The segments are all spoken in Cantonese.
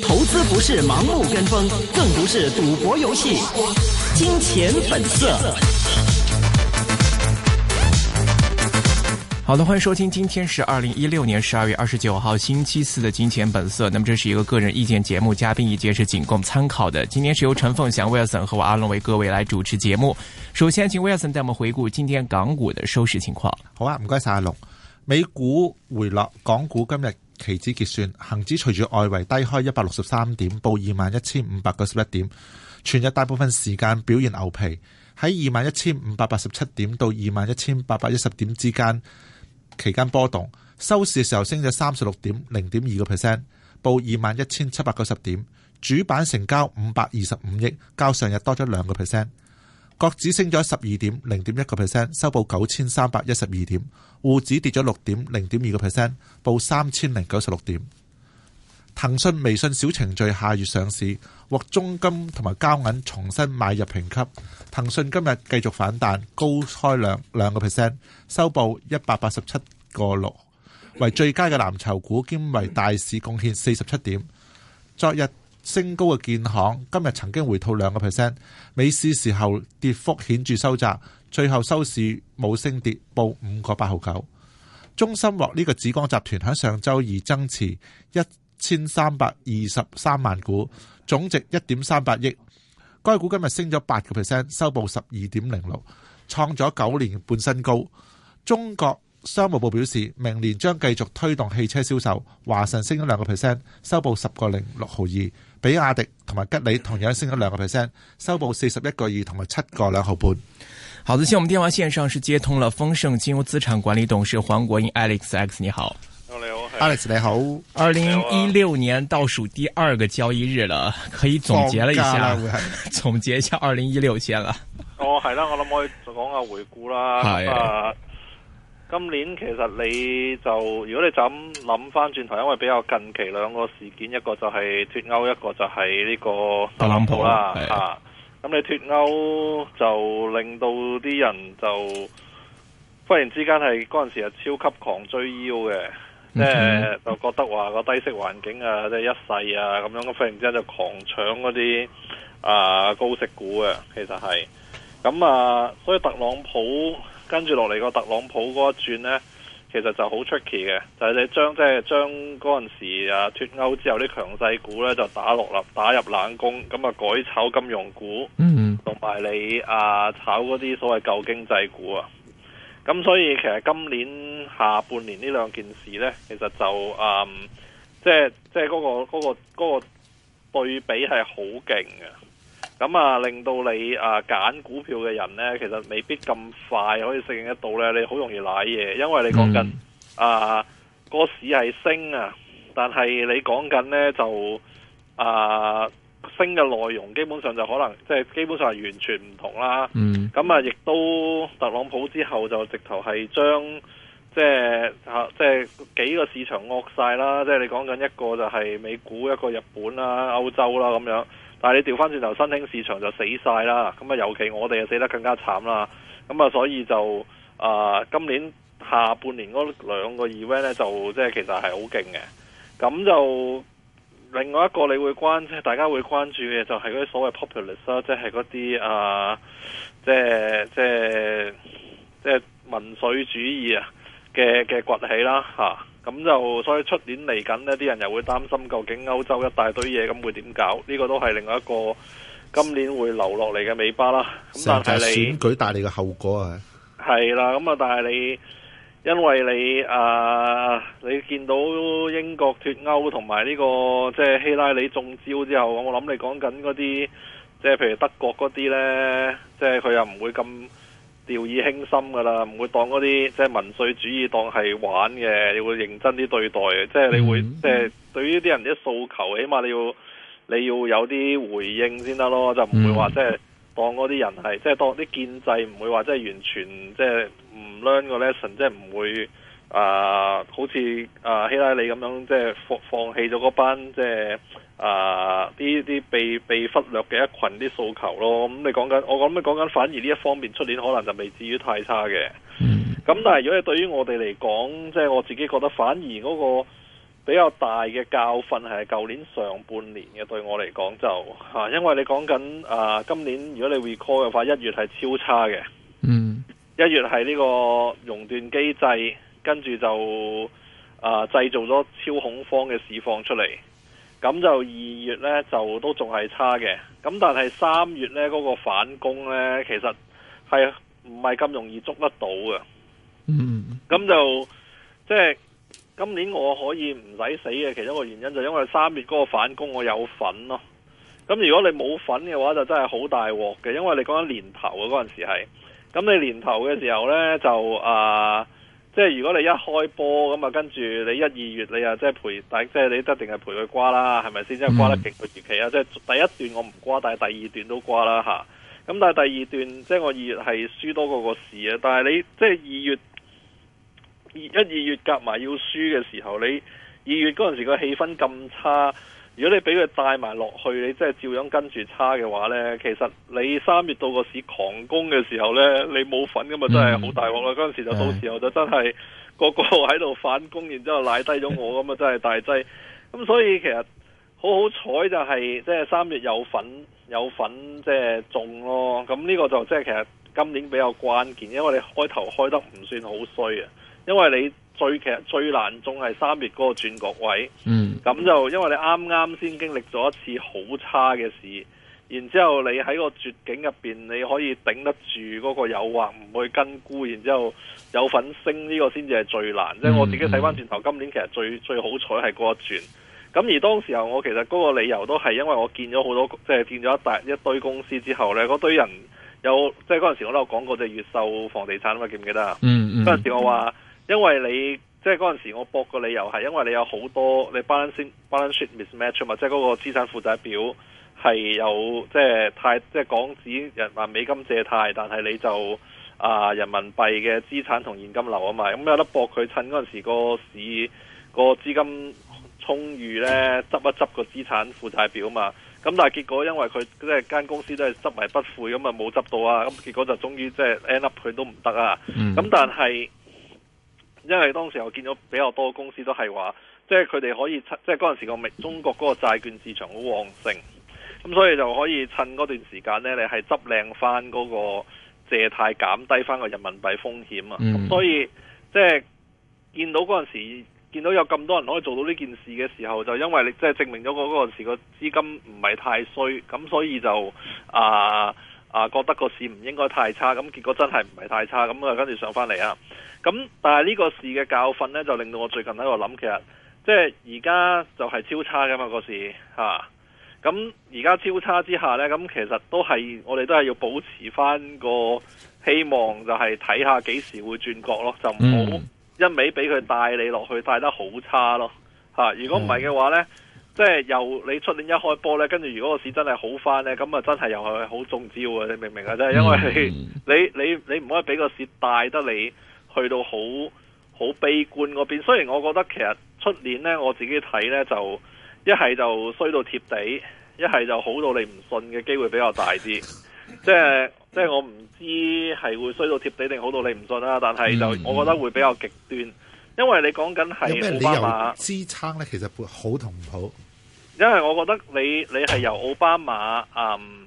投資不是盲目跟風，更不是賭博遊戲。金錢本色。好的，歡迎收聽，今天是二零一六年十二月二十九號星期四的《金錢本色》。那麼這是一個個人意見節目，嘉賓意見是僅供參考的。今天是由陳鳳祥、威爾森和我阿龍為各位來主持節目。首先，請威爾森帶我們回顧今天港股的收市情況。好啊，唔該晒阿龍。美股回落，港股今日期指結算，恒指隨住外圍低開一百六十三點，報二萬一千五百九十一點，全日大部分時間表現牛皮，喺二萬一千五百八十七點到二萬一千八百一十點之間期間波動，收市嘅時候升咗三十六點零點二個 percent，報二萬一千七百九十點，主板成交五百二十五億，較上日多咗兩個 percent。國指升咗十二點零點一個 percent，收報九千三百一十二點；滬指跌咗六點零點二個 percent，報三千零九十六點。騰訊微信小程序下月上市，獲中金同埋交銀重新買入評級。騰訊今日繼續反彈，高開兩兩個 percent，收報一百八十七個六，為最佳嘅藍籌股，兼為大市貢獻四十七點。昨日。升高嘅建行今日曾經回吐兩個 percent，尾市時候跌幅顯著收窄，最後收市冇升跌，報五個八毫九。中心落呢個紫光集團喺上周二增持一千三百二十三萬股，總值一點三百億。該股今日升咗八個 percent，收報十二點零六，創咗九年半新高。中國商務部表示，明年將繼續推動汽車銷售。華晨升咗兩個 percent，收報十個零六毫二。比亞迪同埋吉利同樣升咗兩個 percent，收報四十一個二同埋七個兩毫半。好的，首先，我們電話線上是接通了豐盛金融資產管理董事黃國英 Alex X，你好。你好，Alex 你好。二零一六年倒數第二個交易日了，可以總結了一下，總結一下二零一六先啦。哦，係啦，我諗可以講下回顧啦。係是。啊今年其實你就如果你就咁諗翻轉頭，因為比較近期兩個事件，一個就係脱歐，一個就係呢個特朗普啦。咁、啊、你脱歐就令到啲人就忽然之間係嗰陣時係超級狂追腰嘅，即係、呃、就覺得話個低息環境啊，即係一世啊咁樣，忽然之間就狂搶嗰啲啊高息股嘅、啊，其實係咁啊，所以特朗普。跟住落嚟個特朗普嗰一轉呢，其實就好出奇嘅，就係、係、你將即係將嗰陣時啊脱歐之後啲強勢股呢，就打落嚟，打入冷宮，咁啊改炒金融股，嗯同埋你啊炒嗰啲所謂舊經濟股啊，咁所，所以其實今年下半年呢兩件事呢，其實就啊、嗯、即係即係、嗰、嗰個嗰、嗰個嗰、嗰個對比係好勁嘅。咁啊，令到你啊揀股票嘅人咧，其實未必咁快可以適應得到咧。你好容易瀨嘢，因為你講緊啊個市係升啊，升但係你講緊咧就啊升嘅內容基本上就可能即係、就是、基本上係完全唔同啦。咁、嗯、啊，亦都特朗普之後就直頭係將即係吓、啊、即係幾個市場惡晒啦。即係你講緊一個就係美股，一個日本啦、歐洲啦咁樣。但係你調翻轉頭，新興市場就死晒啦，咁啊尤其我哋啊死得更加慘啦，咁啊所以就啊、呃、今年下半年嗰兩個 event 咧，就即係其實係好勁嘅。咁就另外一個你會關即係大家會關注嘅，就係嗰啲所謂 populist 啦、呃、即係嗰啲啊即係即係即係民粹主義啊嘅嘅崛起啦、啊咁就所以出年嚟緊呢啲人又會擔心究竟歐洲一大堆嘢，咁會點搞？呢個都係另外一個今年會留落嚟嘅尾巴啦。咁但係你選舉帶嚟嘅後果啊，係啦。咁啊，但係你因為你啊、呃，你見到英國脫歐同埋呢個即係、就是、希拉里中招之後，我諗你講緊嗰啲，即係譬如德國嗰啲呢，即係佢又唔會咁。掉以輕心㗎喇，唔會當嗰啲即係民粹主義當係玩嘅，你會認真啲對待，嗯、即係你會、嗯、即係對於啲人啲訴求，起碼你要你要有啲回應先得咯，就唔會話、嗯、即係當嗰啲人係即係當啲建制，唔會話即係完全即係唔 learn 個 lesson，即係唔會。啊，好似啊希拉里咁樣，即係放放棄咗嗰班即係啊啲啲被被忽略嘅一群啲訴求咯。咁、嗯、你講緊，我諗你講緊，反而呢一方面出年可能就未至於太差嘅。咁但係如果你對於我哋嚟講，即、就、係、是、我自己覺得，反而嗰個比較大嘅教訓係舊年上半年嘅。對我嚟講就吓、啊，因為你講緊啊今年，如果你 recall 嘅話，一月係超差嘅。嗯，一月係呢個熔斷機制。跟住就啊，製、呃、造咗超恐慌嘅市況出嚟，咁就二月呢，就都仲係差嘅，咁但係三月呢，嗰、嗰個反攻呢，其實係唔係咁容易捉得到嘅。嗯，咁就即係、就是、今年我可以唔使死嘅其中一個原因，就因為三月嗰個反攻我有份咯。咁如果你冇份嘅話，就真係好大鑊嘅，因為你講緊年頭啊嗰陣時係，咁你年頭嘅時候呢，就、呃即係如果你一開波咁啊，就跟住你一二月你啊，即係陪大，即係你一定係陪佢瓜啦，係咪先？即係瓜得勁過預期啊！即係第一段我唔瓜，但係第二段都瓜啦吓，咁但係第二段即係我二月係輸多過個市啊！但係你即係二月二一二月夾埋要輸嘅時候，你二月嗰陣時個氣氛咁差。如果你俾佢帶埋落去，你即係照樣跟住差嘅話呢？其實你三月到個市狂攻嘅時候呢，你冇份咁啊，真係好大鑊啦！嗰陣、嗯、時就到時候就真係的個個喺度反攻，然之後賴低咗我咁啊，真係大劑。咁 所以其實好好彩就係即係三月有份有份即係中咯。咁呢個就即係其實今年比較關鍵，因為你開頭開得唔算好衰啊，因為你。最其實最難仲係三月嗰個轉角位，咁、嗯、就因為你啱啱先經歷咗一次好差嘅事，然之後你喺個絕境入面，你可以頂得住嗰個誘惑，唔會跟孤，然之後有份升呢個先至係最難。即係、嗯、我自己睇翻轉頭，今年其實最、嗯、最好彩係嗰一轉。咁而當時候我其實嗰個理由都係因為我見咗好多，即、就、係、是、見咗一大一堆公司之後咧，嗰堆人有即係嗰陣時我都有講過，就越秀房地產啊嘛，記唔記得啊？嗰陣、嗯嗯、時我話。嗯因為你即係嗰陣時，我博個理由係，因為你有好多你 balance balance sheet mismatch 嘛，即係嗰個資產負債表係有即係太即係港紙人話美金借貸，但係你就啊、呃、人民幣嘅資產同現金流啊嘛，咁、嗯、有得博佢趁嗰陣時嗰個市個資金充裕呢，執一執個資產負債表嘛。咁、嗯、但係結果因為佢即係間公司都係執迷不悔，咁啊冇執到啊，咁結果就終於即係 end up 佢都唔得啊。咁、嗯嗯、但係。因為當時我見咗比較多公司都係話，即係佢哋可以趁，即係嗰陣時個中國嗰個債券市場好旺盛，咁所以就可以趁嗰段時間呢，你係執靚翻嗰個借貸減低翻個人民幣風險啊！咁、嗯、所以即係見到嗰陣時候，見到有咁多人可以做到呢件事嘅時候，就因為你即係證明咗嗰陣時個資金唔係太衰，咁所以就啊。啊，覺得個市唔應該太差，咁結果真係唔係太差，咁啊跟住上返嚟啊，咁但係呢個市嘅教訓呢，就令到我最近喺度諗，其實即係而家就係超差噶嘛，個市吓，咁而家超差之下呢，咁其實都係我哋都係要保持翻個希望，就係睇下幾時會轉角咯，就唔好一味俾佢帶你落去帶得好差咯吓、啊、如果唔係嘅話呢。嗯即係由你出年一開波呢，跟住如果個市真係好翻呢，咁啊真係又係好中招嘅。你明唔明啊？即係、mm hmm. 因為你你你唔可以俾個市帶得你去到好好悲觀嗰邊。雖然我覺得其實出年呢，我自己睇呢，就一係就衰到貼地，一係就好到你唔信嘅機會比較大啲。 即係即係我唔知係會衰到貼地定好到你唔信啊，但係就我覺得會比較極端。Mm hmm. 因為你講緊係奧巴馬支撐咧，其實好同唔好？因為我覺得你你係由奧巴馬、嗯、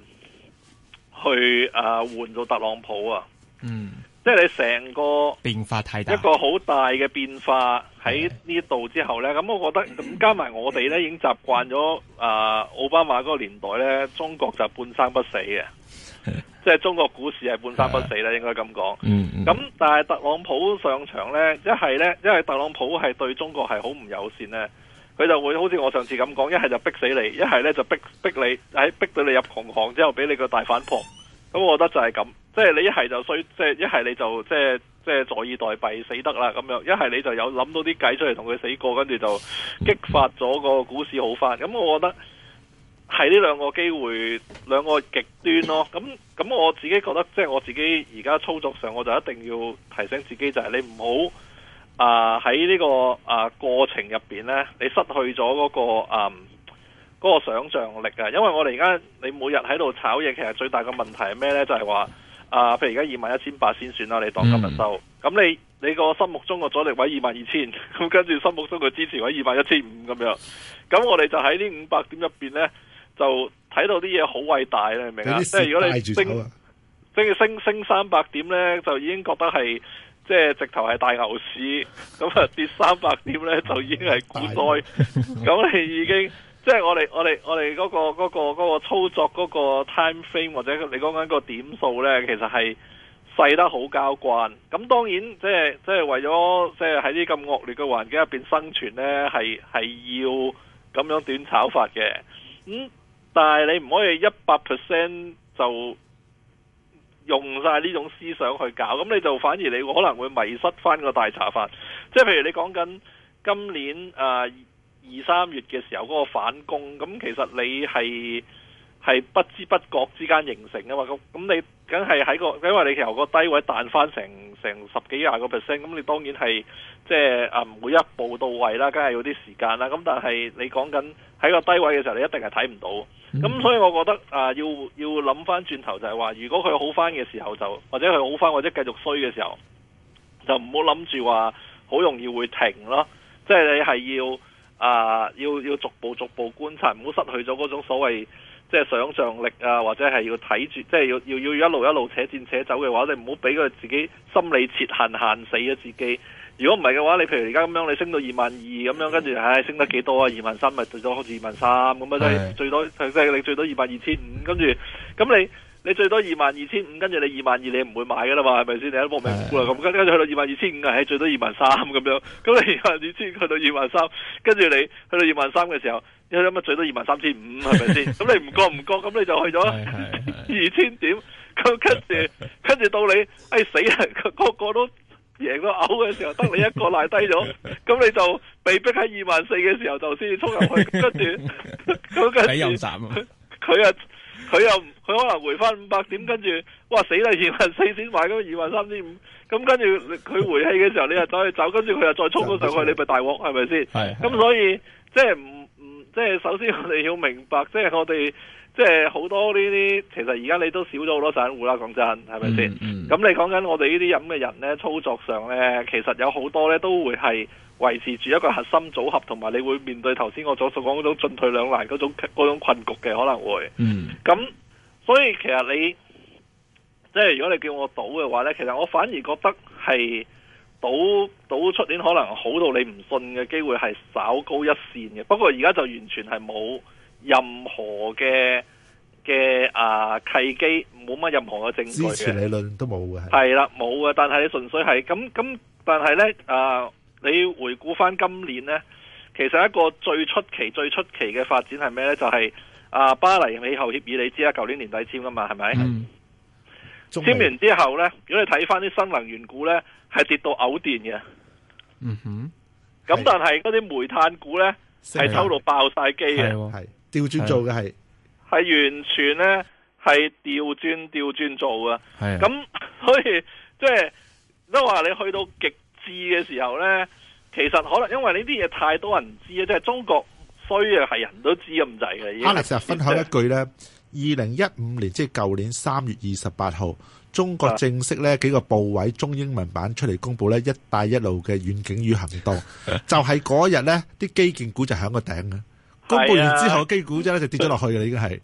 去誒換做特朗普啊，嗯，即係你成個變化太大，一個好大嘅變化喺呢度之後咧，咁我覺得咁加埋我哋咧已經習慣咗誒奧巴馬嗰個年代咧，中國就半生不死嘅。即係中國股市係半生不死咧，應該咁講。咁但係特朗普上場呢，一係呢，因為特朗普係對中國係好唔友善呢，佢就會好似我上次咁講，一係就逼死你，一係呢就逼逼你喺逼到你入窮巷之後，俾你個大反撲。咁我覺得就係咁，即係你一係就衰，即係一係你就即係即係坐以待斃死得啦咁樣，一係你就有諗到啲計出嚟同佢死過，跟住就激發咗個股市好返。咁我覺得。係呢兩個機會，兩個極端咯。咁咁，我自己覺得，即係我自己而家操作上，我就一定要提醒自己就，就係你唔好啊喺呢個啊、呃、過程入邊呢，你失去咗嗰、嗰個嗯嗰、呃嗰個想象力啊。因為我哋而家你每日喺度炒嘢，其實最大嘅問題係咩呢？就係話啊，譬如而家二萬一千八先算啦，你當今日收咁，你你個心目中個阻力位二萬二千，咁跟住心目中佢支持位二萬一千五咁樣。咁我哋就喺呢五百點入邊呢，就睇到啲嘢好偉大咧，你明唔明啊？即係如果你升，即係升升三百點咧，就已經覺得係即係直頭係大牛市。咁啊跌三百點咧，就已經係股災。咁 你已經即係我哋我哋我哋嗰個嗰個嗰個操作嗰個 time frame 或者你講緊個點數咧，其實係細得好交關。咁當然即係即係為咗即係喺啲咁惡劣嘅環境入邊生存咧，係係要咁樣短炒法嘅。嗯但係你唔可以一百 percent 就用晒呢種思想去搞，咁你就反而你可能會迷失翻個大茶飯。即係譬如你講緊今年啊二三月嘅時候嗰個反攻，咁其實你係係不知不覺之間形成啊嘛。咁咁你梗係喺個，因為你由個低位彈翻成成十幾廿個 percent，咁你當然係即係啊每一步到位啦，梗係有啲時間啦。咁但係你講緊。喺個低位嘅時候，你一定係睇唔到。咁所以我覺得啊、呃，要要諗翻轉頭就係話，如果佢好翻嘅時候就，就或者佢好翻，或者繼續衰嘅時候，就唔好諗住話好容易會停咯。即係你係要啊、呃，要要逐步逐步觀察，唔好失去咗嗰種所謂即係想象力啊，或者係要睇住，即係要要要一路一路扯戰扯走嘅話，你唔好俾佢自己心理設限，限死咗自己。如果唔係嘅話，你譬如而家咁樣，你升到二萬二咁樣，跟住，唉、哎，升得幾多啊？二萬三咪最多好似二萬三咁樣，即係最多，即係的你最多二萬二千五，跟住，咁你你最多二萬二千五，跟住你二萬二你唔會買噶啦嘛？係咪先？你一搏命沽啦咁，的跟住去到二萬二千五，唉，最多二萬三咁樣，咁你二萬二千去到二萬三，跟住你去到二萬三嘅時候，你為乜最多二萬三千五係咪先？咁你唔割唔割，咁、嗯、你就去咗二千點，咁跟住跟住到你，唉、哎、死啦！個個都。贏到嘔嘅時候，得你一個賴低咗，咁 你就被逼喺二萬四嘅時候，就先要衝入去，跟住 跟住著，佢又佢又佢可能回翻五百點，跟住，哇死啦！二萬四先買，咁二萬三千五，咁跟住佢回氣嘅時候，你又走去走， 跟住佢又再衝到上去， 你咪大鑊係咪先？咁 所以即係唔唔，即係首先我哋要明白，即係我哋。即係好多呢啲，其實而家你都少咗好多散戶啦，講真，係咪先？咁、嗯嗯、你講緊我哋呢啲咁嘅人呢，操作上呢，其實有好多呢都會係維持住一個核心組合，同埋你會面對頭先我所講嗰種進退兩難嗰種嗰種困局嘅可能會。咁、嗯、所以其實你即係如果你叫我賭嘅話呢，其實我反而覺得係賭賭出年可能好到你唔信嘅機會係稍高一線嘅。不過而家就完全係冇。任何嘅嘅啊契機，冇乜任何嘅證據支持理論都冇嘅係。係啦，冇嘅，但係你純粹係咁咁，但係咧啊，你回顧翻今年咧，其實一個最出奇、最出奇嘅發展係咩咧？就係、是、啊巴黎氣候協議，你知啦，舊年年底簽噶嘛，係咪？嗯、簽簽完之後咧，如果你睇翻啲新能源股咧，係跌到嘔電嘅。嗯哼。咁但係嗰啲煤炭股咧，係抽到爆晒機嘅。係。調轉做嘅係，係完全咧係調轉調轉做嘅。係咁的，所以即係、就是、都話你去到極致嘅時候咧，其實可能因為呢啲嘢太多人知啊，即、就、係、是、中國衰啊係人都知咁滯嘅。哈立斯分享一句咧：二零一五年即係舊年三月二十八號，中國正式咧幾個部委中英文版出嚟公布咧一帶一路嘅願景與行動， 就係嗰日咧啲基建股就響個頂嘅。公布完之後嘅基、啊、股啫，就跌咗落去，你已經係。嗯、是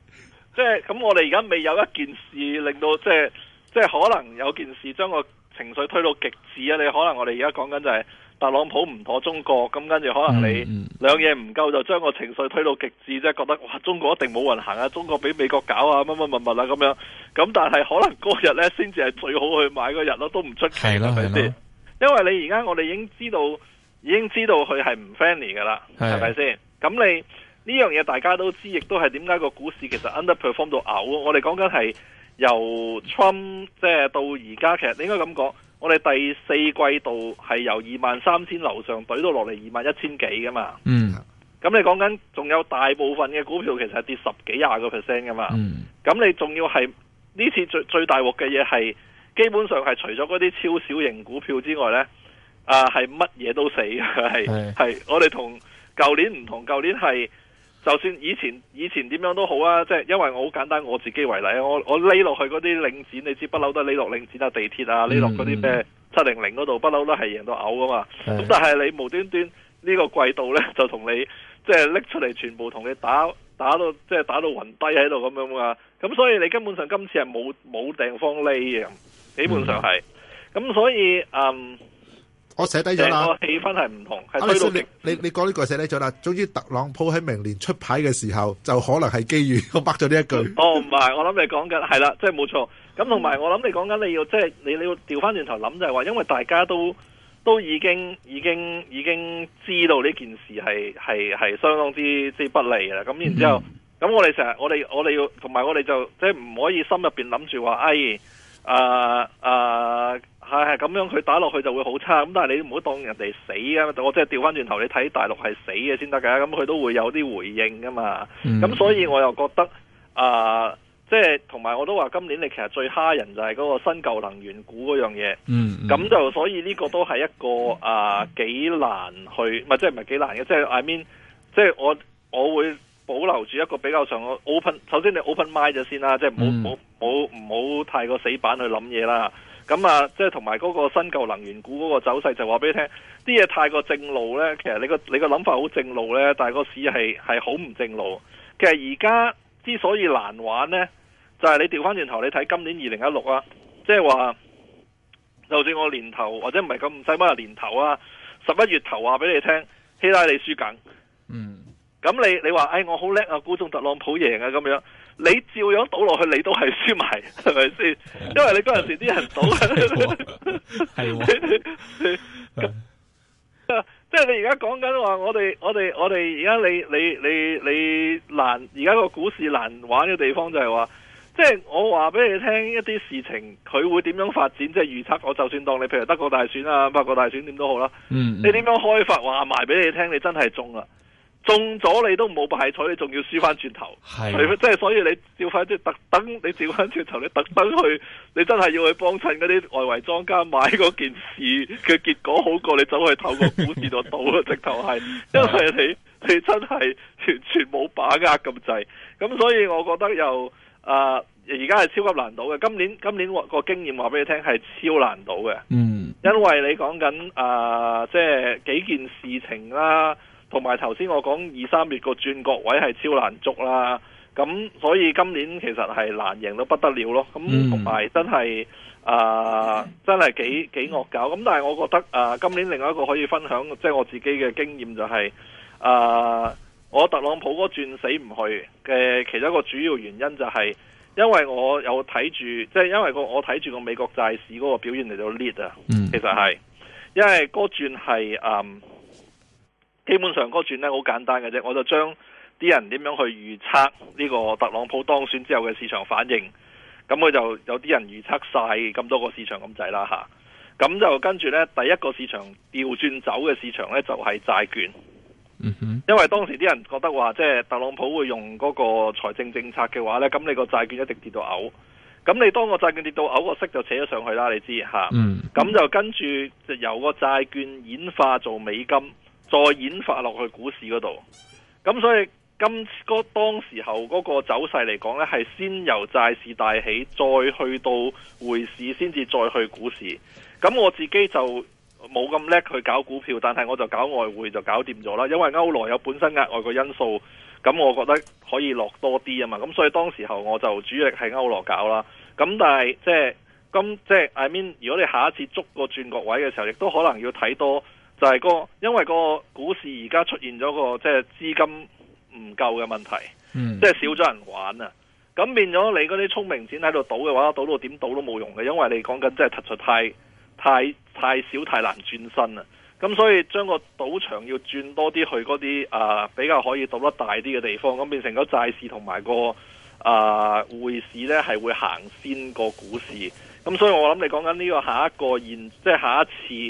即係咁，我哋而家未有一件事令到，即係即係可能有件事將個情緒推到極致啊！你可能我哋而家講緊就係特朗普唔妥中國，咁跟住可能你兩嘢唔夠，嗯嗯、夠就將個情緒推到極致即啫，覺得哇，中國一定冇運行啊，中國俾美國搞啊，乜乜乜乜啦咁樣。咁但係可能嗰日咧，先至係最好去買嗰日咯，都唔出奇，係咪先？吧因為你而家我哋已經知道，已經知道佢係唔 friendly 噶啦，係咪先？咁你。呢樣嘢大家都知，亦都係點解個股市其實 underperform 到嘔。我哋講緊係由 Trump 即係到而家，其實你應該咁講，我哋第四季度係由二萬三千樓上懟到落嚟二萬一千幾噶嘛嗯。咁、嗯、你講緊仲有大部分嘅股票其實係跌十幾廿個 percent 噶嘛嗯。咁你仲要係呢次最最大鑊嘅嘢係，基本上係除咗嗰啲超小型股票之外呢，啊係乜嘢都死，係係是是我哋同舊年唔同，舊年係。就算以前以前點樣都好啊，即係因為我好簡單，我自己為例啊，我我匿落去嗰啲領展，你知不嬲都係匿落領展啊，地鐵啊，匿落嗰啲咩七零零嗰度，不嬲都係贏到嘔噶嘛咁是的 但係你無端端呢個季度呢，就同你即係拎出嚟，全部同你打打到即係打到暈低喺度咁樣嘛。咁所以你根本上今次係冇冇地方匿嘅，基本上係。咁所以嗯。我寫低咗啦，個氣氛係唔同。啊、你你講呢句寫低咗啦。總之特朗普喺明年出牌嘅時候，就可能係機遇。我白咗呢一句。哦，唔係，我諗你講緊係啦，即係冇錯。咁同埋我諗你講緊你要即係、就是、你你要調翻轉頭諗就係話，因為大家都都已經、已經、已經知道呢件事係係係相當之之不利啦。咁然之後，咁、嗯、我哋成日我哋我哋要同埋我哋就即係唔可以心入邊諗住話誒。哎誒誒，係係咁樣，佢打落去就會好差。咁但係你唔好當人哋死啊！我即係調翻轉頭，你睇大陸係死嘅先得㗎。咁佢都會有啲回應噶嘛。咁、嗯、所以我又覺得，誒、啊，即係同埋我都話今年你其實最蝦人就係嗰個新舊能源股嗰樣嘢，嗯。嗯，咁就所以呢個都係一個誒、啊、幾難去，唔係即係唔係幾難嘅，即、就、係、是、I mean，即係我我會。保留住一個比較長嘅 open，首先你 open mind 咗先啦，即係冇冇冇唔好太過死板去諗嘢啦。咁啊，即係同埋嗰個新舊能源股嗰個走勢，就話俾你聽，啲嘢太過正路呢。其實你個你個諗法好正路呢，但係個市係係好唔正路。其實而家之所以難玩呢，就係、是、你調翻轉頭你睇今年二零一六啊，即係話就算我年頭或者唔係咁細蚊年頭啊，十一月頭話俾你聽，希拉里輸緊。嗯。咁你你話誒我好叻啊，估中特朗普贏啊咁樣，你照樣倒落去，你都係輸埋，係咪先？ 因為你嗰陣時啲人賭係喎，即係你而家講緊話，我哋我哋我哋而家你你你你，你難而家個股市難玩嘅地方就係話，即係我話俾你聽一啲事情，佢會點樣發展，即係預測。我就算當你譬如德國大選啊、法國大選點都好啦，嗯，嗯，你點樣開發話埋俾你聽，你真係中啊！中咗你都冇排彩，你仲要輸翻轉頭。係是、啊,即係所以你照翻即係特登,你照翻轉頭,你特登去,你真係要去幫襯嗰啲外圍莊家買嗰件事嘅結果好過你走去透過股市度賭,直頭係,因為你你真係全全冇把握咁滯。咁所以我覺得又啊,而家係超級難賭嘅。今年今年話個經驗話俾你聽係超難賭嘅。嗯,因為你講緊啊,即係幾件事情啦。同埋頭先我講二三月個轉角位係超難捉啦，咁所以今年其實係難贏到不得了咯。咁同埋真係啊、mm. 呃，真係幾幾惡搞。咁但係我覺得啊、呃，今年另外一個可以分享，即、就、係、是、我自己嘅經驗就係、是、啊、呃，我特朗普嗰轉死唔去嘅，其中一個主要原因就係因為我有睇住，即、就、係、是、因為我睇住個美國債市嗰個表現嚟到 lead 啊。其實係因為嗰轉係基本上嗰轉咧，好簡單嘅啫，我就將啲人點樣去預測呢個特朗普當選之後嘅市場反應，咁佢就有啲人預測晒咁多個市場咁滯啦吓，咁就跟住呢，第一個市場調轉走嘅市場呢，就係債券，嗯，因為當時啲人覺得話即係特朗普會用嗰個財政政策嘅話呢，咁你個債券一直跌到嘔，咁你當個債券跌到嘔個息就扯咗上去啦，你知吓，咁就跟住就由個債券演化做美金。再演化落去股市嗰度，咁所以今嗰當時候嗰個走勢嚟講咧，係先由債市大起，再去到匯市先至再去股市。咁我自己就冇咁叻去搞股票，但係我就搞外匯就搞掂咗啦。因為歐羅有本身額外嘅因素，咁我覺得可以落多啲啊嘛。咁所以當時候我就主力系歐羅搞啦。咁但係即係今即係 I mean，如果你下一次捉個轉角位嘅時候，亦都可能要睇多。就係個，因為個股市而家出現咗個即係資金唔夠嘅問題，即係、嗯、少咗人玩啊！咁變咗你嗰啲聰明錢喺度賭嘅話，賭到點賭都冇用嘅，因為你講緊即係突出太、太、太少、太難轉身啊！咁所以將個賭場要轉多啲去嗰啲啊比較可以賭得大啲嘅地方，咁變成咗債市同埋、個啊、呃、匯市咧，係會行先個股市。咁所以我諗你講緊呢個下一個現，即係下一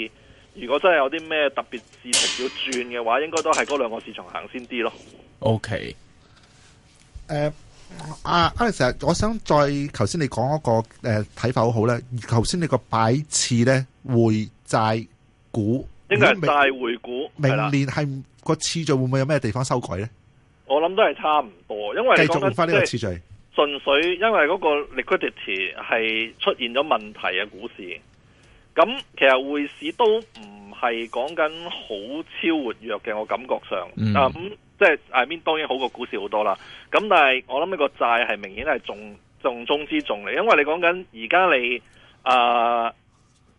次。如果真係有啲咩特別事情要轉嘅話，應該都係嗰兩個市場行先啲咯。OK。誒，阿阿 Alex，我想再頭先你講嗰個睇、呃、法好好咧。頭先你個擺次咧，匯債股，應該係匯債匯股，明年係個的的次序會唔會有咩地方修改咧？我諗都係差唔多，因為繼續翻呢個次序，純粹，因為嗰個 Liquidity 係出現咗問題嘅股市。咁其實匯市都唔係講緊好超活躍嘅，我感覺上，啊咁、嗯嗯、即係 I mean 當然好過股市好多啦。咁但係我諗呢個債係明顯係重重中之重嚟，因為你講緊而家你啊、呃、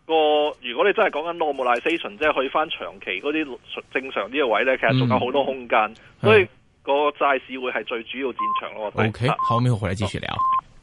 個，如果你真係講緊 normalization，即係去翻長期嗰啲正常啲嘅位咧，其實仲有好多空間，嗯、所以個債市會係最主要戰場咯。O K，後面，我哋返嚟繼續聊。哦